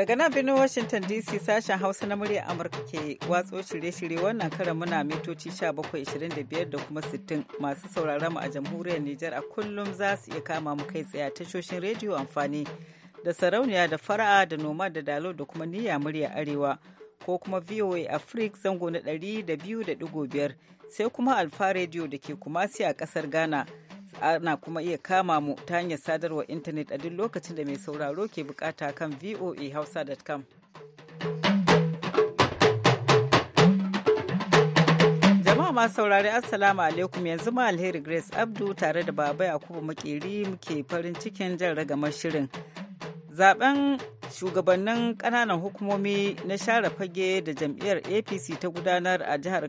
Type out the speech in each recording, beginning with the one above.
Daga nan birnin Washington DC sashen Hausa na murya Amurka ke watso shirye-shirye wannan karan muna mitoci 1725 da kuma 60 masu sauraron mu a jamhuriyar Nijar a kullum za su iya kama mu kai tsaye tashoshin rediyo amfani da sarauniya da fara da noma da dalo da kuma niyya murya arewa ko kuma VOA Africa zango na 200.5 sai kuma Alfa Radio da ke kumasi a kasar Ghana. ana kuma iya kama mu ta hanyar sadarwar intanet a duk lokacin da mai sauraro ke bukata kan voahausa.com. jama'a masu saurari assalamu alaikum yanzu ma alheri grace abdu tare da baba yakubu makeri muke farin cikin jan ragamar shirin zaben shugabannin kananan hukumomi na share fage da jam'iyyar apc ta gudanar a jihar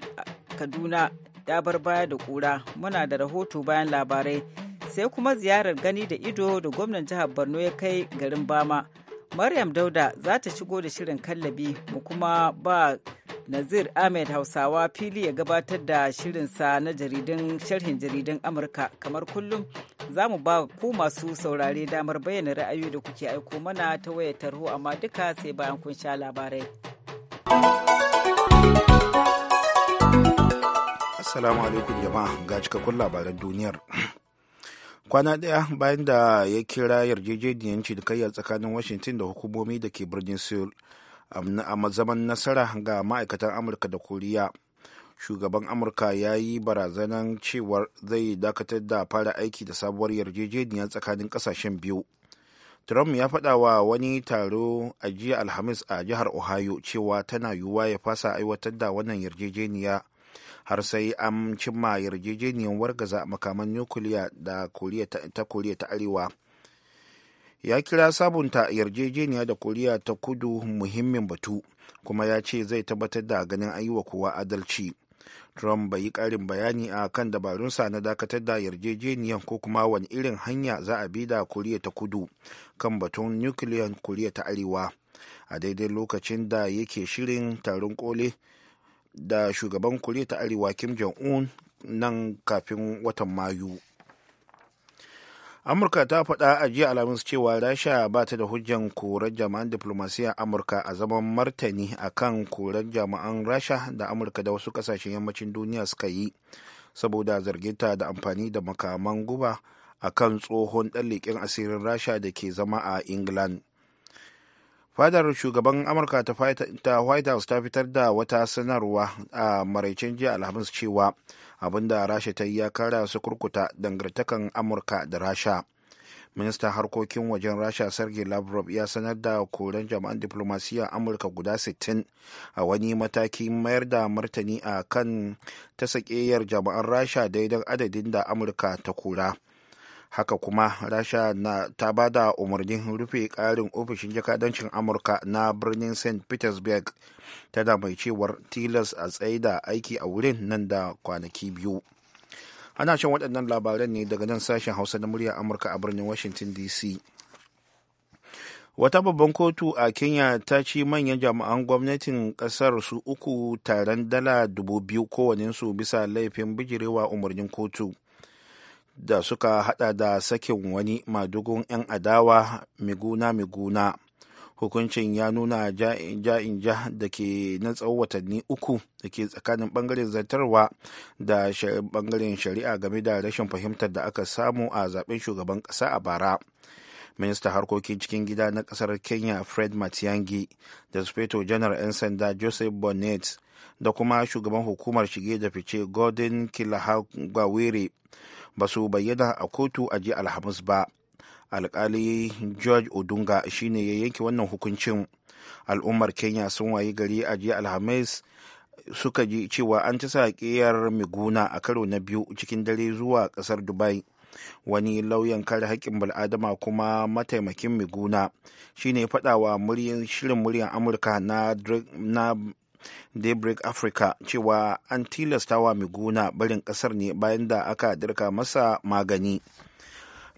kaduna ta bar baya da kura muna da rahoto bayan labarai sai kuma ziyarar gani da ido da gwamnan jihar borno ya kai garin bama maryam dauda za ta shigo da shirin kallabi mu kuma ba nazir ahmed hausawa fili ya gabatar da shirinsa na jaridun sharhin jaridun amurka kamar kullum za mu ba ku masu saurare damar bayyana ra'ayoyi da kuke aiko mana ta wayar tarho amma duka sai bayan kun sha labarai. Assalamu alaikum jama'a ga cikakkun labaran duniyar. Kwana ɗaya bayan da ya kira yarjejeniyar kayya tsakanin Washington da hukumomi da ke birnin Seoul um, a mazaman um, nasara ga ma'aikatan Amurka da Koriya. Shugaban Amurka ya yi barazanan cewar zai dakatar da fara aiki da sabuwar yarjejeniyar tsakanin ƙasashen biyu. Trump ya faɗa wa wani taro a jiya Alhamis a jihar Ohio cewa tana yiwuwa ya fasa aiwatar da wannan yarjejeniya har sai an cimma yarjejeniyar wargaza makaman nukiliya da ta koriya ta arewa ya kira sabunta yarjejeniya da koriya ta kudu muhimmin batu kuma ya ce zai tabbatar da ganin an yi wa kowa adalci trump bai yi karin bayani a kan dabarunsa na dakatar da yarjejeniyar ko kuma wani irin hanya za a bi da koriya ta kudu kan batun nukiliyan koriya ta arewa a daidai lokacin da yake shirin taron kole da shugaban koriya ta arewa kim jong-un nan kafin watan mayu amurka ta faɗa a jiya alhamis cewa rasha ba ta da hujjan korar jami'an diplomasiya amurka a zaman martani akan korar jama'an rasha da amurka da wasu ƙasashen yammacin duniya suka yi saboda zarginta da amfani da makaman guba a kan tsohon ɗan leƙen asirin rasha da ke zama a england fadar shugaban amurka ta white house ta fitar da wata sanarwa a maraicin jiya alhamis cewa abinda rasha ta yi ya kara su kurkuta dangartakan amurka da rasha ministan harkokin wajen rasha sergei lavrov ya sanar da koren jama'an diplomasiyya amurka guda 60 a wani mataki mayar da martani a kan ta sakeyar jama'an rasha daidai adadin da amurka ta kura haka kuma rasha na ta ba da umarnin rufe karin ofishin jakadancin amurka na birnin st petersburg tana mai cewar tilas a tsaye da aiki a wurin nan da kwanaki biyu ana shan waɗannan labaran ne daga nan sashen hausa na murya amurka a birnin washington dc wata babban kotu a kenya ta ci manyan jami'an gwamnatin kasar su uku taron dala dubu biyu su bisa laifin bijirewa umarnin kotu da suka hada da sakin wani madugun 'yan adawa miguna-miguna hukuncin ya nuna ja'in ja da ke na tsawon watanni uku da ke tsakanin bangaren zartarwa da bangaren shari'a game da rashin fahimtar da aka samu a zaben shugaban kasa a bara minista harkokin cikin gida na kasar kenya fred matiangi da speto janar 'yan sanda joseph bonnet da kuma shugaban hukumar shige da fice gordon kilahagawere ba su bayyana a kotu a jiya alhamis ba alkali george odunga shine ya yanke wannan hukuncin al'ummar kenya sun wayi gari a ji alhamis suka ji cewa an ci saƙiyar miguna a karo na biyu cikin dare zuwa ƙasar dubai wani lauyan kare haƙƙin bal'adama kuma mataimakin miguna shine faɗawa shirin muryan amurka na daybreak africa cewa an tilastawa miguna barin kasar ne bayan da aka dirka masa magani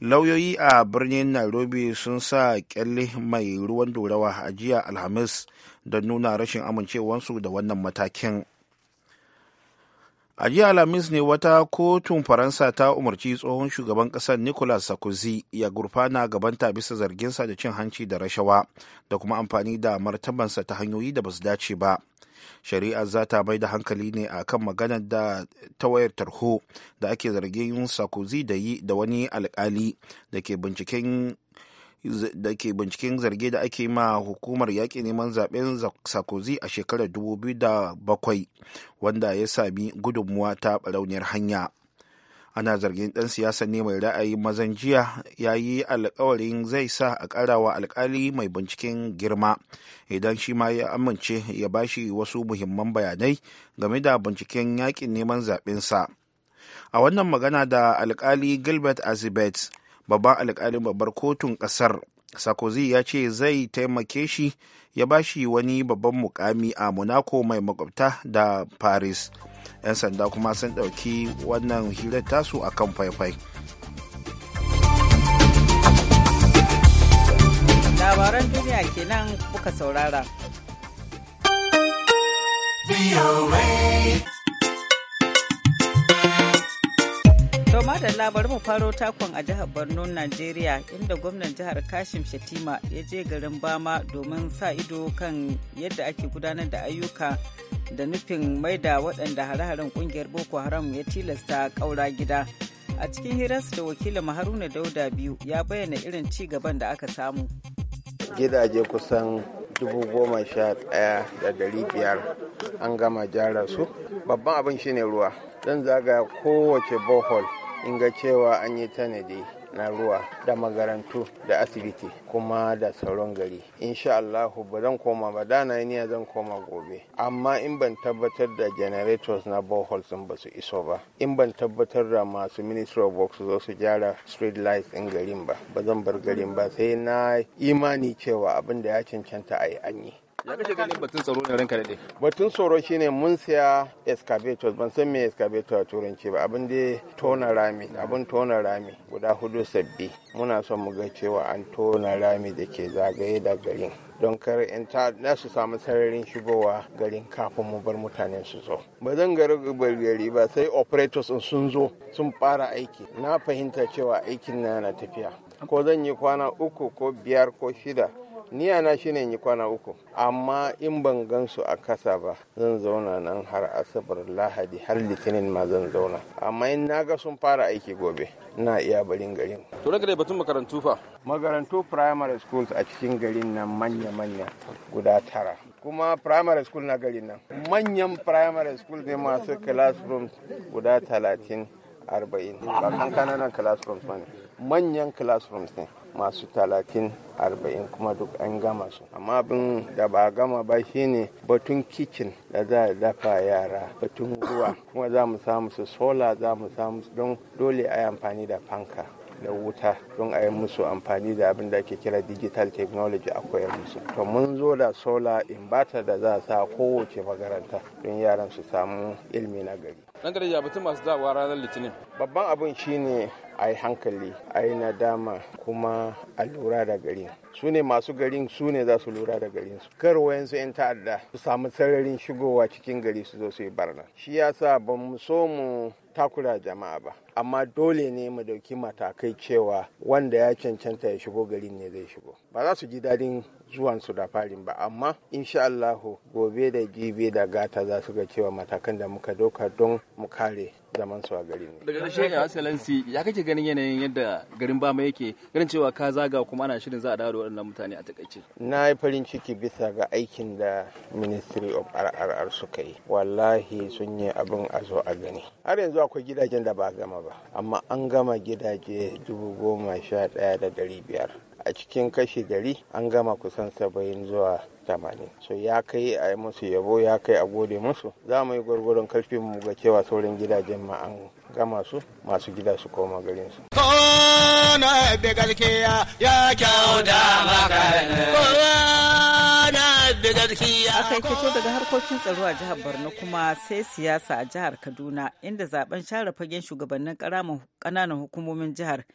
lauyoyi a birnin nairobi sun sa kyalle mai ruwan dorawa a jiya alhamis don nuna rashin amincewansu da wannan matakin a jiya alhamis ne wata kotun faransa ta umarci tsohon shugaban kasar nicolas sarkozy ya gurfana gabanta bisa zarginsa da cin hanci da rashawa da kuma amfani da martabansa ta hanyoyi da ba su dace ba shari'ar za ta mai da hankali ne a kan maganar da ta wayar tarho da ake zargin sakuzi da yi da wani alkali da ke binciken zarge da ake ma hukumar yaƙi neman zaɓen sakuzi a shekarar 2007 wanda ya sami gudunmuwa ta ɓarauniyar hanya ana zargin ɗan siyasa ne mai ra'ayin mazan jiya ya yi alkawarin zai sa a ƙarawa alkali mai binciken girma idan shi ma ya amince ya bashi wasu muhimman bayanai game da binciken yakin neman zaɓensa a wannan magana da alkali gilbert azibet babban alkalin babbar kotun ƙasar sarkozy ya ce zai taimake shi ya ba shi wani babban mukami a monaco mai makwabta da paris 'yan sanda kuma sun ɗauki wannan hirar tasu a kan faifai labaran duniya kenan kuka saurara. To da labar mu faro takon a jihar Borno, Najeriya inda gwamnan jihar Kashim Shatima ya je garin Bama domin sa ido kan yadda ake gudanar da ayyuka da nufin maida waɗanda hare-haren ƙungiyar Boko Haram ya tilasta ƙaura gida. A cikin hirarsa da wakilin Haruna Dauda biyu ya bayyana irin ci gaban da aka samu. Gidaje kusan dubu goma ɗaya da ɗari biyar an gama jara su. Babban abin shine ruwa. Don zagaya kowace bohol in ga cewa an yi tanadi na ruwa da magarantu da asibiti kuma da sauran gari insha Allah ba zan koma ba da na niyya zan koma gobe amma in ban tabbatar da generators na boreholes sun ba su iso ba in ban tabbatar da masu ministry of works zo su gyara street lights din garin ba ba zan bar garin ba sai na imani cewa abin da ya cancanta a yi an yi ya kashe ganin batun tsaro ne ranka daɗe batun tsaro shine mun siya excavators ban san me excavator a turanci ba abin da tona rami abin tona rami guda hudu sabbi muna son mu ga cewa an tona rami da ke zagaye da garin don kar in ta na su samu sararin shigowa garin kafin mu bar mutane su zo ba zan gari gari ba sai operators in sun zo sun fara aiki na fahimta cewa aikin na na tafiya ko zan yi kwana uku ko biyar ko shida niyana shine ne yi kwana uku amma in ban gan su a kasa ba zan zauna nan har asabar lahadi har litinin ma zan zauna amma in na ga sun fara aiki gobe na iya barin garin to daga da batun makarantu fa makarantu primary schools a cikin garin nan manya-manya guda tara kuma primary school na garin nan manyan primary school ne masu classroom guda talatin arba'in ba kan classroom classrooms ne manyan classrooms ne masu talatin arba'in kuma duk an gama su amma abin da ba gama ba shine batun kicin da za a dafa yara batun ruwa kuma za mu samu su sola za mu samu don dole a yi amfani da fanka na wuta don a yi musu amfani da abin da ake kira digital technology a koyar musu to mun zo da solar inverter da za a sa kowace makaranta don yaran su samu ilmi na gari nan gari ya batun masu dawa ranar litinin babban abin shine a yi hankali a yi nadama kuma a lura da gari su ne masu garin su ne za su lura da garin su kar wayansu 'yan ta'adda su samu sararin shigowa cikin gari su zo su yi barna shi yasa ba mu so mu takura jama'a ba amma dole ne mu dauki matakai cewa wanda ya cancanta ya shigo garin ne zai shigo ba za su ji dadin zuwansu da farin ba amma insha Allahu gobe da jibi da gata za su ga cewa matakan da muka doka don mu kare zaman su a garin ne. Daga ƙarshe ya excellency ya kake ganin yanayin yadda garin Bama yake ganin cewa ka zaga kuma ana shirin za a dawo da waɗannan mutane a takaice. Na yi farin ciki bisa ga aikin da Ministry of RRR suka yi. Wallahi sun yi abin a zo a gani. Har yanzu akwai gidajen da ba gama ba amma an gama gidaje dubu goma sha ɗaya da ɗari biyar. a cikin kashi gari an gama kusan saba'in zuwa tamanin so ya kai a yi musu yabo ya kai a gode musu za mu yi gwargwaron karfin mu ga cewa sauran gidajen ma an gama su masu gida su koma garin su a kai fito daga harkokin tsaro a jihar borno kuma sai siyasa a jihar kaduna inda zaben share fagen shugabannin kananan hukumomin jihar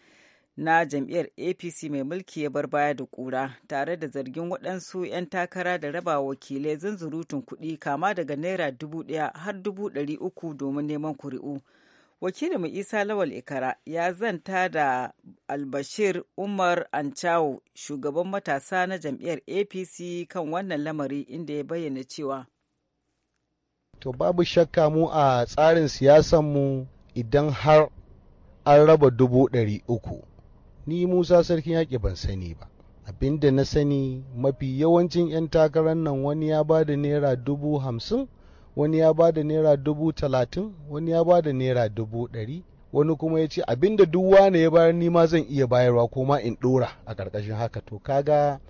na jam'iyyar apc mai mulki ya bar baya da kura tare da zargin waɗansu 'yan takara da raba wakilai zunzurutun kuɗi kama daga naira dubu ɗaya har dubu ɗari uku domin neman kuri'u wakilin isa lawal ikara ya zanta da albashir umar anchawo shugaban matasa na jam'iyyar apc kan wannan lamari inda ya bayyana cewa to babu shakka mu a tsarin siyasanmu idan har an raba dubu ɗari uku ni musa sarkin yaƙi ban sani ba abinda na sani mafi yawancin 'yan takarar nan wani ya ba da naira dubu hamsin wani ya ba da naira dubu talatin wani ya ba da naira dubu ɗari wani kuma ya ce abinda duk wane ya bayar ma zan iya bayarwa ko ma in ɗora a ƙarƙashin haka to kaga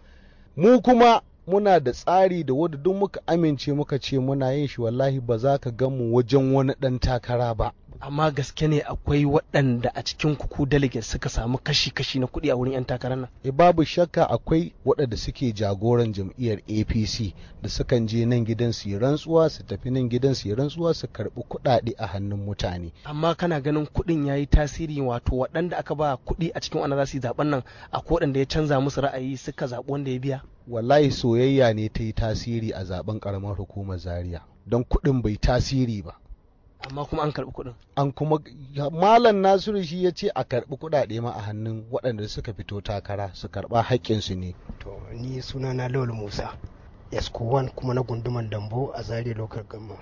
mu kuma muna da tsari da wadda duk muka amince muka ce muna yin shi wallahi ba za ka gan mu wajen wani ɗan takara ba amma gaske ne akwai waɗanda a cikin kuku delegate suka samu kashi-kashi na kuɗi a wurin 'yan takarar nan e babu shakka akwai waɗanda suke jagoran jam'iyyar apc da sukan je nan gidan su yi rantsuwa su tafi nan gidan su yi rantsuwa su karɓi kuɗaɗe a hannun mutane amma kana ganin kuɗin ya yi tasiri wato waɗanda aka ba kuɗi a cikin wannan zasu zaɓen nan akwai waɗanda ya canza musu ra'ayi suka zaɓi wanda ya biya wallahi soyayya ne ta yi tasiri a zaɓen ƙaramar hukumar zaria don kuɗin bai tasiri ba amma kuma an karɓi kuɗin an kuma malam nasiru shi ya ce a karɓi kuɗaɗe ma a hannun waɗanda suka fito takara su karɓa su ne to ni na lawal musa Yasku-1 kuma na gunduman dambo a zaria local Gamma?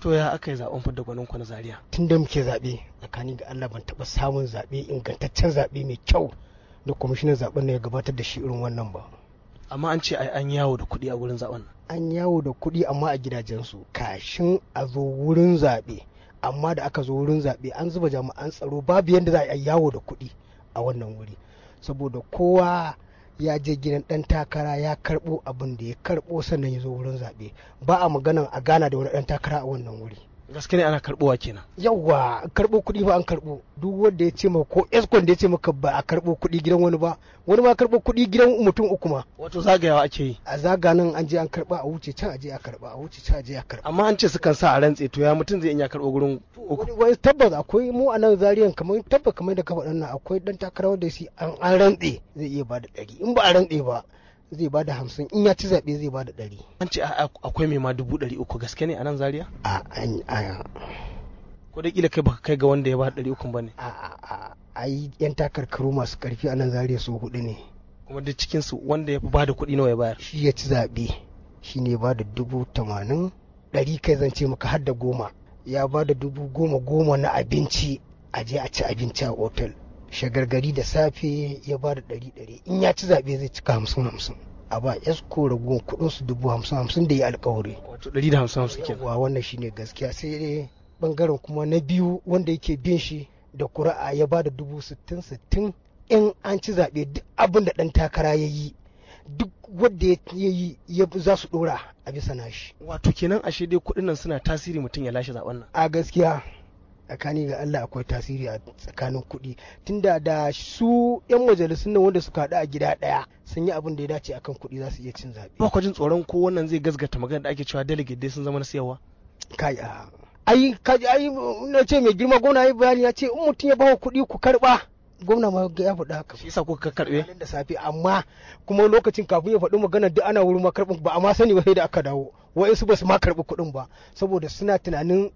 to ya aka yi zaben fadda gwanin ku na zaria tun da muke zaɓe tsakanin ga allah ban taɓa samun zaɓe ingantaccen zaɓe mai kyau da kwamishinan zaɓen na ya gabatar da shi irin wannan ba amma an ce an yawo da kuɗi a wurin zaben an yawo da kuɗi amma a gidajensu kashin a zo wurin zaɓe amma da aka zo wurin zaɓe an zuba jami'an tsaro babu yadda za a yawo da kuɗi a wannan wuri saboda kowa ya je gidan ɗan takara ya karɓo abin da ya karɓo sannan ya zo wurin zaɓe ba a maganan a gana da wani ɗan takara a wannan wuri gaske ne ana karbowa kenan yawa karbo kuɗi ba an karbo duk wanda ya ce ma ko eskon da ya ce maka ba a karbo kuɗi gidan wani ba wani ma karbo kuɗi gidan mutum uku ma wato zagayawa ake yi a zaga nan an je an karba a wuce can a je a karba a wuce can a je a karba amma an ce su kan sa a rantse to ya mutum zai iya karbo gurin uku wani tabbas akwai mu a nan zariyan kamar tabbas kamar da ka faɗa nan akwai dan takarawa da shi an rantse zai iya ba da dari in ba a rantse ba zai ba da hamsin in ya ci zaɓe zai ba da ɗari. An ce akwai mai ma dubu ɗari uku gaske ne a nan Zaria? A a Ko da ƙila kai baka kai ga wanda ya ba ɗari uku ba ne? A a yi yan takarkaru masu ƙarfi a nan Zaria su hudu ne. Kuma duk cikin su wanda ya ba da kuɗi nawa ya bayar? Shi ya ci zaɓe shi ne ba da dubu tamanin ɗari kai zan ce maka har da goma. Ya ba da dubu goma goma na abinci a je a ci abinci a otal. shagargari da safe ya ba da ɗari ɗari in ya ci zaɓe zai cika hamsin hamsin a ba esko raguwan kuɗin su dubu hamsin hamsin da ya alkawari wato ɗari da hamsin hamsin ke wa wannan shine gaskiya sai dai bangaren kuma na biyu wanda yake bin shi da kura'a ya ba da dubu sittin sittin in an ci zaɓe duk abin da ɗan takara ya yi duk wanda ya yi za su ɗora a bisa nashi wato kenan ashe dai kuɗin nan suna tasiri mutum ya lashe zaɓen nan a gaskiya tsakani ga Allah akwai tasiri a tsakanin kuɗi tunda da su 'yan majalisun nan wanda suka haɗu a gida ɗaya sun yi abin da ya dace akan kuɗi za su iya cin zaɓe. Ba jin tsoron ko wannan zai gasgata magana da ake cewa delegate dai sun zama na siyarwa. Kai a ai kaji ai na ce mai girma gwamna ya bayani ya ce in mutum ya bawa kuɗi ku karɓa gwamna ma ya faɗa haka shi yasa kuka karɓe da safe amma kuma lokacin kafin ya faɗi magana duk ana wurin ma karɓin ba amma sani ba sai da aka dawo wa'insu ba su ma karɓi kuɗin ba saboda suna tunanin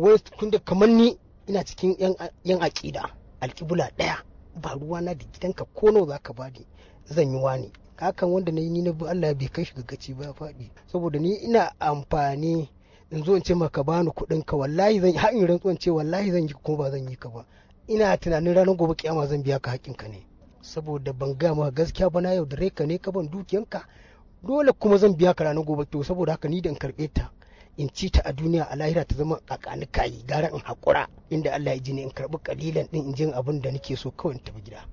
wai tun da kamar ni ina cikin yan aƙida alƙibula ɗaya ba ruwa na da gidanka ko nawa za ka bani zan yi wani hakan wanda na yi ni na bi Allah bai kai shi gaci ba faɗi saboda ni ina amfani in zo in ce maka bani kuɗin ka wallahi zan har in rantsuwan ce wallahi zan yi kuma ba zan yi ka ba ina tunanin ranar gobe kiyama zan biya ka haƙin ka ne saboda ban ga ma gaskiya ba na yaudare ka ne ka ban dukiyanka dole kuma zan biya ka ranar gobe to saboda haka ni da in karɓe ta in ci ta a duniya a lahira ta zama kakani kayi gara in haƙura inda Allah ya ji ni in karɓi kalilan din in jin abin da nake so kawai in tafi gida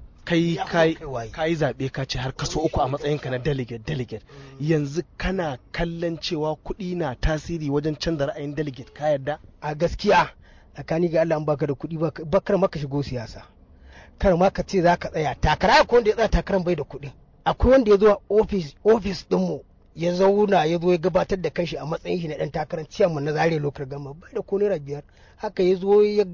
kai kai zaɓe ka ce har kaso uku a ka na delegate delegate mm. yanzu kana kallon cewa kuɗi na tasiri wajen canza ra'ayin delegate ka yarda a gaskiya tsakani ga Allah an baka da kuɗi ba kar maka shigo siyasa kar ma ka ce za ka tsaya takara ko wanda ya tsaya takaran bai da kuɗi akwai wanda ya zo ofis ofis dinmu ya zauna ya zo ya gabatar da kanshi a matsayin shi na dan takarar ciyaman na zare lokar gama bai da ko naira biyar haka ya zo ya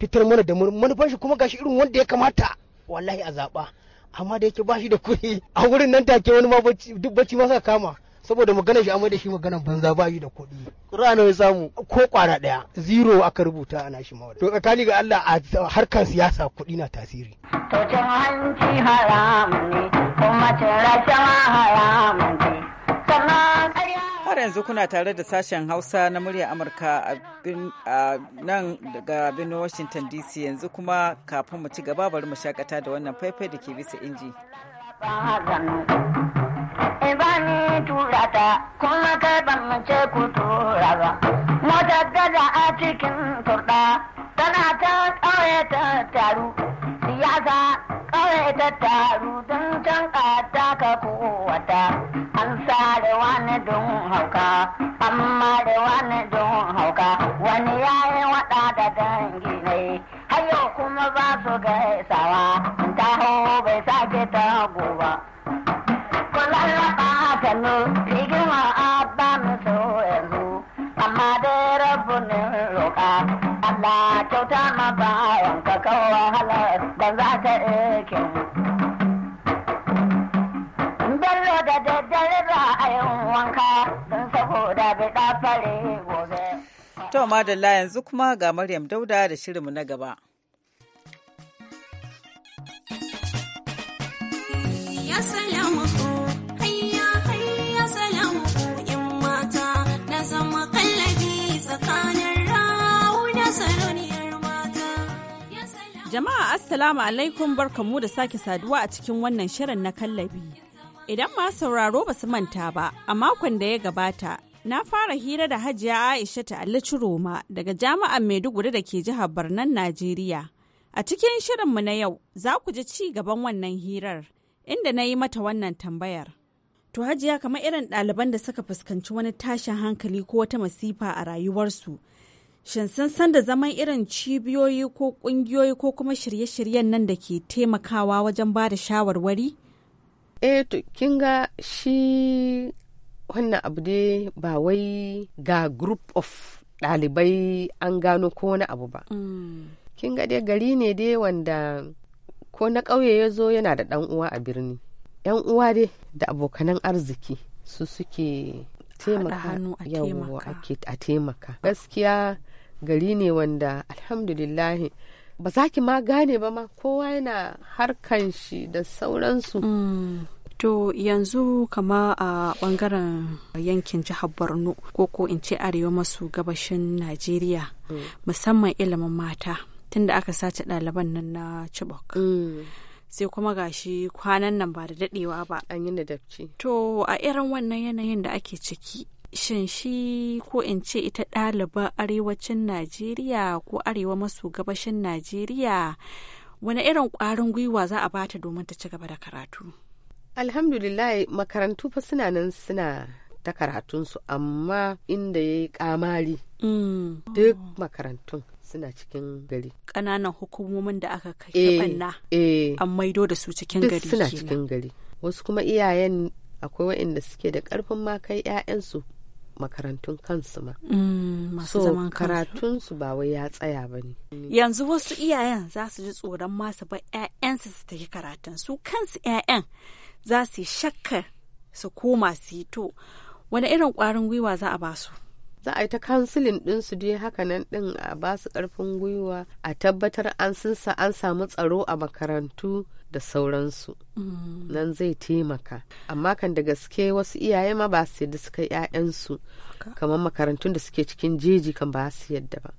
fitar mana da manufan shi kuma gashi irin wanda ya kamata wallahi a zaba amma da yake bashi da kuɗi a wurin nan take wani ma duk bacci masa kama saboda maganar shi amma da shi maganar banza ba da kuɗi rana ya samu ko kwara ɗaya zero aka rubuta ana shi mawa to tsakani ga Allah a harkar siyasa kuɗi na tasiri to cin hanci haram ne kuma cin rashawa ne Har yanzu kuna tare da sashen Hausa na murya Amurka a nan daga birnin Washington DC yanzu kuma kafin mu ci gaba bari mu shakata da wannan faifai da ke bisa inji. Ibani turata kuma kai ban cikin turɗa tana ta ƙauye ta taru siyasa kawai ta taru don can ta ka kowata an sa da wani don hauka amma da wani don hauka wani yayin wada da dangi ne hayo kuma ba su gaisawa taho bai sake tago ba Allah kyauta ma bawan ka kawo wahalar da za ta eke. Bello da daddare za a yin wanka don saboda bai ɗafare gobe. To, madalla yanzu kuma ga Maryam Dauda da shirinmu na gaba. Jama'a Assalamu alaikum barkamu da sake saduwa a cikin wannan shirin na kallabi. Idan ma sauraro ba su manta ba, a makon da ya gabata, na fara hira da Hajiya Aisha ta Roma" daga Jami'ar Maiduguri da ke jihar Barnan Najeriya. A cikin shirinmu na yau, za ku ji ci gaban wannan hirar, inda na yi mata wannan tambayar. To Hajiya kamar irin ɗaliban da suka fuskanci wani tashin hankali ko wata masifa a rayuwarsu, Shin sun san da zaman irin cibiyoyi ko ƙungiyoyi ko kuma shirye-shiryen nan da ke taimakawa wajen ba da shawarwari? Eh to kin ga shi wannan abu ne ba wai ga group of ɗalibai an gano ko wani abu ba. Mm. Kin ga dai gari ne dai wanda ko na ƙauye ya zo yana da ɗan uwa a birni. ‘Yan uwa dai da abokanan arziki su suke taimaka a taimaka gaskiya gari ne wanda alhamdulillahi ba za ki ma gane ba ma kowa yana harkan shi da sauransu mm. To yanzu kama a bangaren yankin jihar Borno ko ko in ce arewa masu gabashin Najeriya mm. musamman ilimin mata tunda aka sace ɗaliban nan na Chibok. Mm. Sai kuma gashi kwanan nan ba da daɗewa ba. An yi da To a irin wannan yanayin da ake ciki shin shi ko in ce ita ɗaliba arewacin najeriya ko arewa maso gabashin najeriya wani irin ƙwarin gwiwa za a bata domin ta ci gaba da karatu alhamdulillah makarantu fa suna nan suna ta karatunsu amma inda ya yi kamari mm. duk makarantun suna cikin gari ƙananan hukumomin da aka kai e, eh, banna e, eh. an maido da su cikin gari suna cikin gari wasu kuma iyayen akwai waɗanda suke da ƙarfin ma kai 'ya'yansu makarantun kansu mm, ma. so karatunsu ba wai ya tsaya ba ne. Yanzu wasu iyayen za su ji tsoron masu ba 'ya'yansu su tafi karatun su kansu 'ya'yan za su yi shakkar su koma su yi to wani irin ƙwarin gwiwa za a ba su. za a yi ta kansilin din su dai haka nan din a ba su karfin gwiwa a tabbatar an sinsa an samu tsaro a makarantu da sauransu mm. nan zai taimaka amma kan da gaske wasu iyaye ma ba su yadda suka 'ya'yansu kamar makarantun da suke cikin jeji kan ba su yadda ba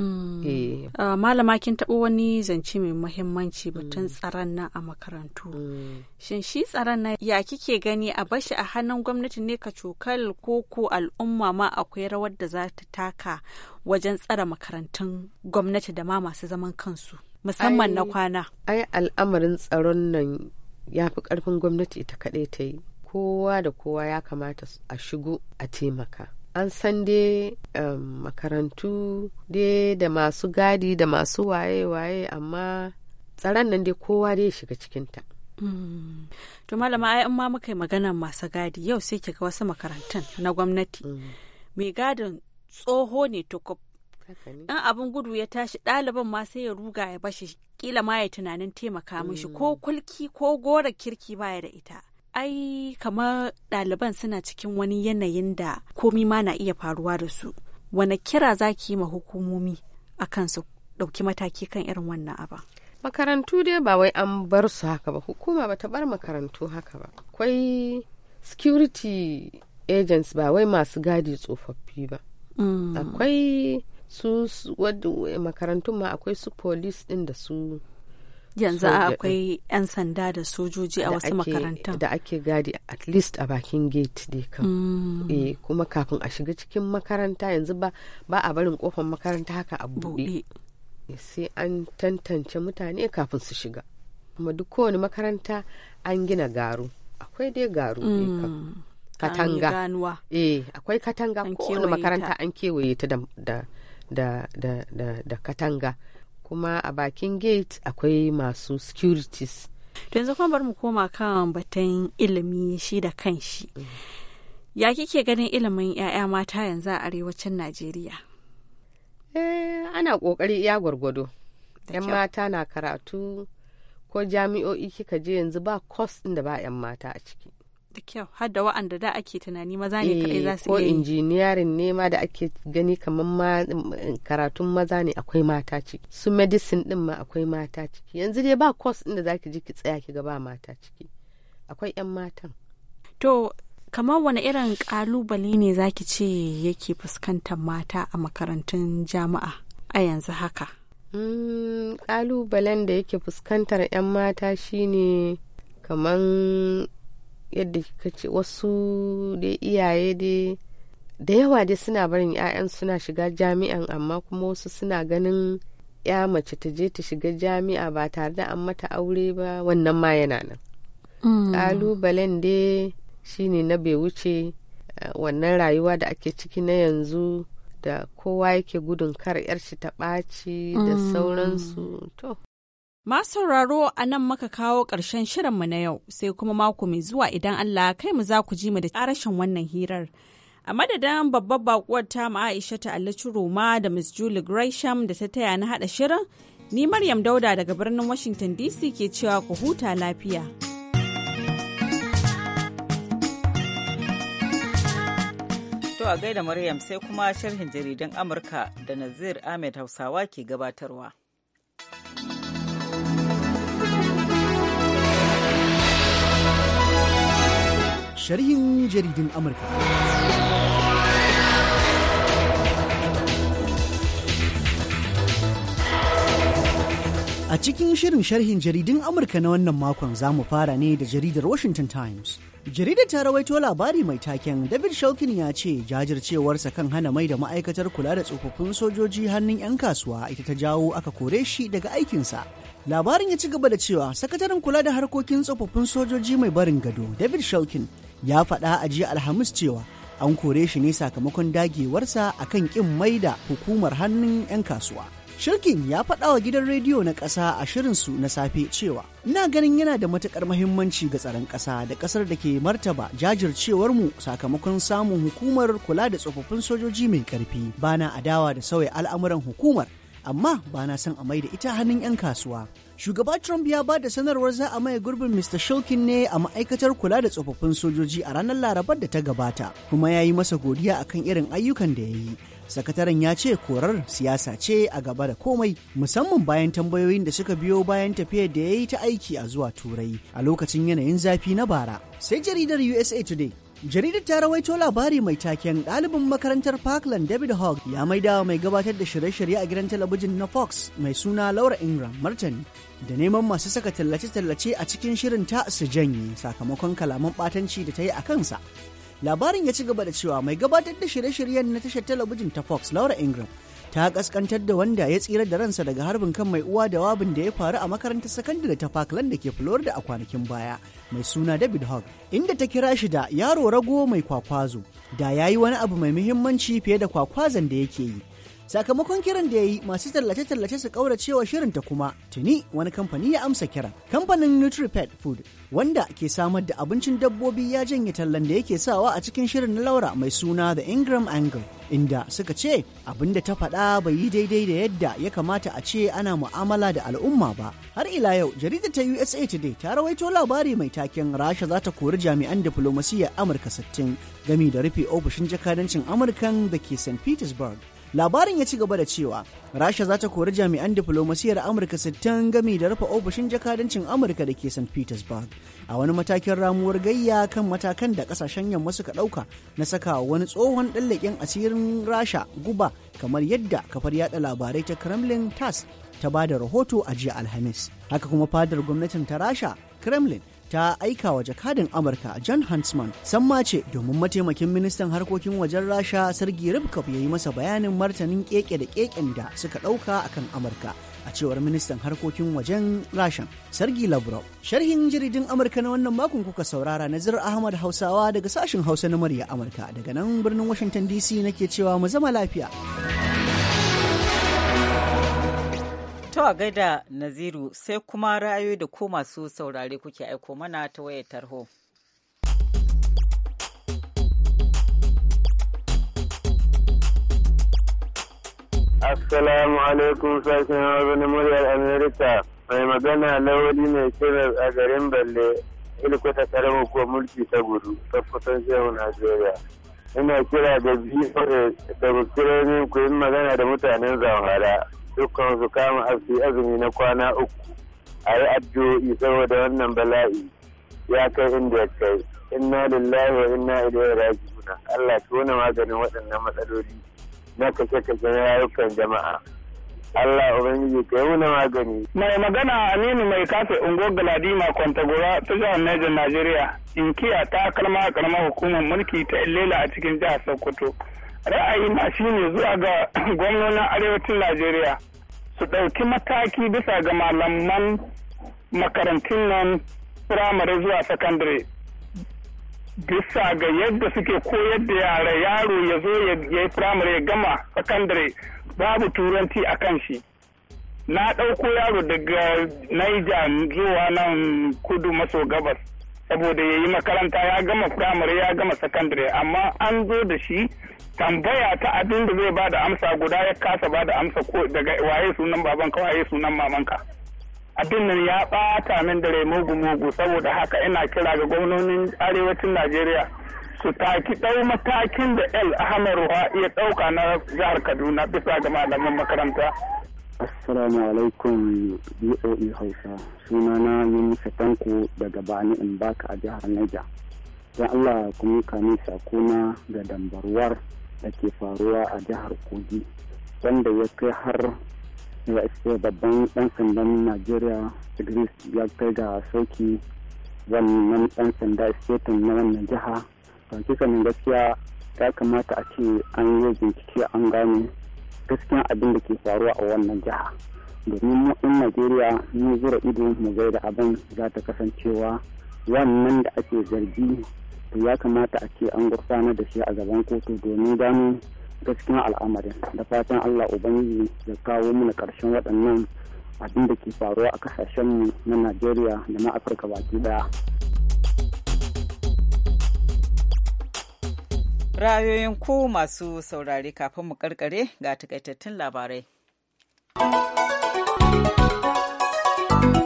Mm. Eh. Ah, malama kin taɓa wani zance mai muhimmanci batun mm. tsaron nan a makarantu mm. shin shi tsaron nan ya kike gani a bashi a hannun gwamnati ne ka cokal ko ko al'umma ma akwai rawar da za ta taka wajen tsara makarantun gwamnati da ma masu zaman kansu musamman na kwana ai al'amarin tsaron nan ya fi karfin gwamnati ita kaɗai ta yi kowa da kowa ya kamata a shigo a taimaka an san dai um, makarantu dai da masu gadi da masu waye-waye amma tsaron nan dai kowa dai shiga cikinta. Hmm. To malama ai in ma muka yi maganar masu gadi yau sai kiga wasu makarantun na gwamnati. Hmm. Mai gadin tsoho ne tukub. Ɗan abin gudu ya tashi ɗaliban ma sai ya ruga ya bashi kila ma ya tunanin taimaka mishi hmm. ko kulki ko gora kirki baya da ita. ai kamar ɗaliban suna cikin wani yanayin da komi ma na iya faruwa da su wane kira za ki yi ma hukumomi a kansu ɗauki mataki kan irin wannan Aba? makarantu dai ba wai an bar su haka ba hukuma ba ta bar makarantu haka ba akwai security agents ba wai masu gadi tsofaffi ba mm. akwai su, su eh, makarantun ma akwai su police ɗin da su yanzu akwai 'yan sanda da sojoji a wasu makarantar da ake gadi at least a bakin gate dai kan mm. e, kuma kafin a shiga cikin makaranta yanzu ba ba a barin kofar makaranta haka a buɗe eh, sai an tantance mutane kafin su shiga kuma duk kowane makaranta an gina garu akwai dai garu mm. katanga eh akwai katanga kowane makaranta an kewaye ta da, da, da, da katanga kuma a bakin gate akwai masu securities yanzu kuma bar mu koma kan batun ilimi shi da kanshi ya kike ganin ilimin 'ya'ya mata yanzu a arewacin najeriya eh ana ƙoƙari ya gwargwado yan mata na karatu ko jami'o'i kika je yanzu ba kos ɗin da ba yan mata a ciki da kyau har da wa'anda da ake tunani maza ne kadai eh, za su iya ko injiniyarin ne ma da ake gani kamar ma mm, karatun maza ne akwai mata ciki su medicine din ma akwai mata ciki yanzu dai ba course din da zaki ji ki tsaya ki ga ba mata ciki akwai yan matan to kamar wani irin kalubale ne zaki ce yake fuskantar mata a makarantun jami'a a yanzu haka kalubalen mm, da yake fuskantar 'yan mata shine kaman yadda ka ce wasu da iyaye dai da yawa dai suna barin 'ya'yan suna shiga jami'an amma kuma wasu suna ganin ya mace ta je ta shiga jami'a ba tare da an mata aure ba wannan ma yana nan mm. ƙalubalen dai shine na bai wuce eh, wannan rayuwa da ake ciki na yanzu da kowa yake gudun kar 'yar shi ta ɓaci da mm. sauransu to Masu sauraro a nan maka kawo ƙarshen shirinmu na yau sai kuma mako mai zuwa idan Allah kai mu za ku ji mu da ƙarashin wannan hirar. A madadin babbar bakuwar ta Aisha ta Allaci Roma da Miss Julie Gresham da ta taya na haɗa shirin, ni Maryam Dauda daga birnin Washington DC ke cewa ku huta lafiya. To a gaida Maryam sai kuma sharhin jaridan Amurka da Nazir Ahmed Hausawa ke gabatarwa. sharhin jaridin Amurka. A cikin shirin sharhin jaridun Amurka na wannan makon za mu fara ne da jaridar Washington Times. Jaridar ta rawaito labari mai taken David Shaukin ya ce jajircewarsa kan hana mai da ma'aikatar kula da tsofaffin sojoji hannun 'yan kasuwa ita ta jawo aka kore shi daga aikinsa. Labarin ya ci gaba da cewa sakataren kula da harkokin tsofaffin sojoji mai barin gado David Shaukin ya faɗa a jiya alhamis cewa an kore shi ne sakamakon dagewarsa a kan ƙin maida hukumar hannun 'yan kasuwa shirkin ya faɗa wa gidan rediyo na ƙasa a shirinsu na safe cewa ina ganin yana da matuƙar mahimmanci ga tsaron ƙasa da ƙasar da ke martaba jajircewar mu sakamakon samun hukumar kula da tsofaffin sojoji mai ƙarfi bana adawa da sauya al'amuran hukumar amma ba na son a mai da ita hannun 'yan kasuwa. Shugaba Trump ya ba da sanarwar za a maye gurbin Mr. Shulkin ne a ma'aikatar kula da tsofaffin sojoji a ranar Larabar da ta gabata, kuma ya yi masa godiya a kan irin ayyukan da ya yi. Sakataren ya ce korar siyasa ce a gaba da komai, musamman bayan tambayoyin da suka biyo bayan tafiyar da ya yi ta aiki a zuwa Turai a lokacin yanayin zafi na bara. Sai jaridar USA Today Jaridar ta rawaito labari mai taken ɗalibin makarantar Parkland David Hogg ya maida mai gabatar da shirye-shirye a gidan talabijin na Fox mai suna Laura Ingram martin da neman masu saka tallace-tallace a cikin shirin ta su janye sakamakon kalaman ɓatanci da ta yi a kansa. Labarin ya ci gaba da cewa mai gabatar da shirye-shiryen na tashar talabijin ta Fox Laura Ingram ta kaskantar da wanda ya tsira da ransa daga harbin kan mai uwa da wabin da ya faru a makarantar sakandare ta Parkland da ke Florida a kwanakin baya mai suna David Hogg inda ta kira shi da yaro rago mai kwakwazo da yayi wani abu mai muhimmanci fiye da kwakwazon da yake yi sakamakon kiran da ya yi masu tallace-tallace su cewa shirin ta kuma tuni wani kamfani ya amsa kiran kamfanin nutripet food wanda ke samar da abincin dabbobi ya janye tallan da yake sawa a cikin shirin na laura mai suna the ingram angle inda suka ce abin da ta faɗa bai yi daidai da yadda ya kamata a ce ana mu'amala da al'umma ba har ila yau jaridar ta usa today ta rawaito labari mai taken rasha za ta kori jami'an diplomasiyyar amurka sittin, gami da rufe ofishin jakadancin amurkan da ke st petersburg labarin ya ci gaba da cewa rasha za ta kori jami'an diflomasiyar amurka 60 gami da rufe ofishin jakadancin amurka da ke st petersburg a wani matakin ramuwar gayya kan matakan da kasashen yamma suka ɗauka na saka wani tsohon ɗallakin asirin rasha guba kamar yadda kafar yada labarai ta kremlin tas ta ba da rahoto a jiya alhamis haka kuma fadar gwamnatin ta rasha kremlin ta aika wa jakadin Amurka John Huntsman ce domin mataimakin ministan harkokin wajen Rasha Sergi Ribkov ya yi masa bayanin martanin keke da keken da suka ɗauka akan Amurka. a cewar ministan harkokin wajen rashan sergi lavrov sharhin jiridin amurka na wannan makon kuka saurara nazir ahmad hausawa daga sashen hausa na murya amurka daga nan birnin washington dc nake cewa mu zama lafiya. To a gaida Naziru sai kuma ra'ayoyi da ko masu saurare kuke aiko mana ta wayar tarho. Assalamu alaikum sashen wani muryar Amerika mai magana lawali mai shirar a garin Balle ilkuta karamar ko mulki ta gudu ta kusan shehu Najeriya. Ina kira da biyu da ku yi magana da mutanen zamfara. dukkan su kama hafi azumi na kwana uku a yi addu'o'i saboda wannan bala'i ya kai inda ya kai inna lillahi wa inna ilaihi raji'un Allah tona maganin waɗannan matsaloli na kake-kake na rayukan jama'a Allah Ubangiji kai yi magani. Mai magana Aminu mai kafe ungo Galadima Kwantagora ta jihar Niger Najeriya. Inkiya ta kalma kalma hukumar mulki ta Ilela a cikin jihar Sokoto. raayi ra'ayina shine zuwa ga gwamnonin arewacin najeriya su ɗauki mataki bisa ga malaman makarantun nan firamare zuwa sakandare bisa ga yadda suke koyar da yara yaro ya zo ya yi firamare ya gama sakandare babu turanci a kan shi na ɗauko yaro daga naija zuwa nan kudu maso gabas saboda ya yi makaranta ya gama firamare ya gama sakandare amma an zo da shi tambaya ta abin da zai bada amsa guda ya kasa bada amsa ko daga waye sunan babanka waye sunan mamanka abin nan ya bata min da rai mugu mugu saboda haka ina kira ga gwamnonin arewacin najeriya su taki ɗau matakin da el ahmed ruwa iya ɗauka na jihar kaduna bisa ga malaman makaranta Assalamu alaikum BOE Hausa sunana Yunusa Tanko daga Bani in baka a jihar Niger. Don Allah kuma kamin sakona ga dambarwar da ke faruwa a jihar Kogi wanda ya kai har ya babban ɗan sandan Najeriya Idris ya kai ga sauki wannan ɗan sanda istetin na wannan jiha. Kaki sanin gaskiya ya kamata a ce an yi bincike an gane gaskiyan abin da ke faruwa a wannan jiha domin in najeriya mu zura ido mu ga da abin za ta kasancewa wannan da ake zargi to ya kamata a ce an gurfana da shi a gaban kotu domin gano gaskiyan al'amarin da fatan allah ubangiji ya kawo mana karshen waɗannan abin da ke faruwa a kasashenmu na najeriya da na afirka baki daya ra'ayoyin ku masu saurare kafin mu karkare ga takaitattun labarai.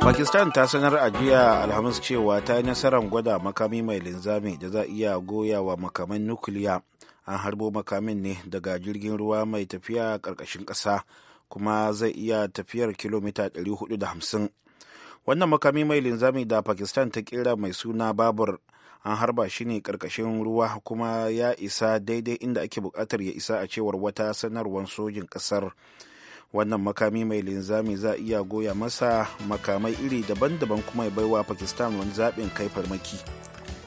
Pakistan ta sanar a jiya Alhamis cewa ta yi nasarar gwada makami mai linzami da za iya goya wa makaman nukiliya. An harbo makamin ne daga jirgin ruwa mai tafiya ƙarƙashin ƙasa kuma zai iya tafiyar kilomita 450. Wannan makami mai linzami da Pakistan ta kira mai suna babur an harba shi ne karkashin ruwa kuma ya isa daidai inda ake bukatar ya isa a cewar wata sanarwar sojin kasar wannan makami mai linzami za a iya goya masa makamai iri daban-daban kuma ya baiwa pakistan wani zaɓin kai farmaki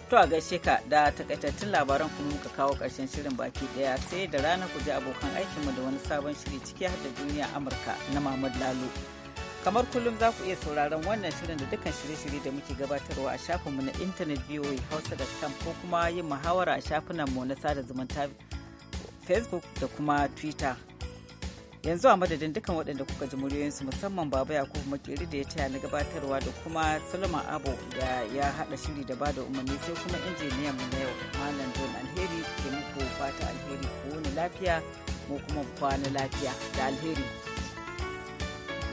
to a gaishe ka da takaitattun labaran kuma muka kawo ƙarshen shirin baki ɗaya sai da rana ku ji abokan aikinmu da wani sabon shiri ciki har da duniya amurka na mahmud lalo kamar kullum za ku iya sauraron wannan shirin da dukkan shirye-shirye da muke gabatarwa a shafinmu na intanet voa hausa.com ko kuma yin muhawara a mu na sada zumunta facebook da kuma twitter yanzu a madadin dukkan waɗanda kuka ji muryoyinsu musamman baba yakubu makeri da ya taya na gabatarwa da kuma salama abu da ya haɗa shiri da bada umarni sai kuma injiniyan mu na yau malam john alheri ke muku fata alheri ko wani lafiya mu kuma kwana lafiya da alheri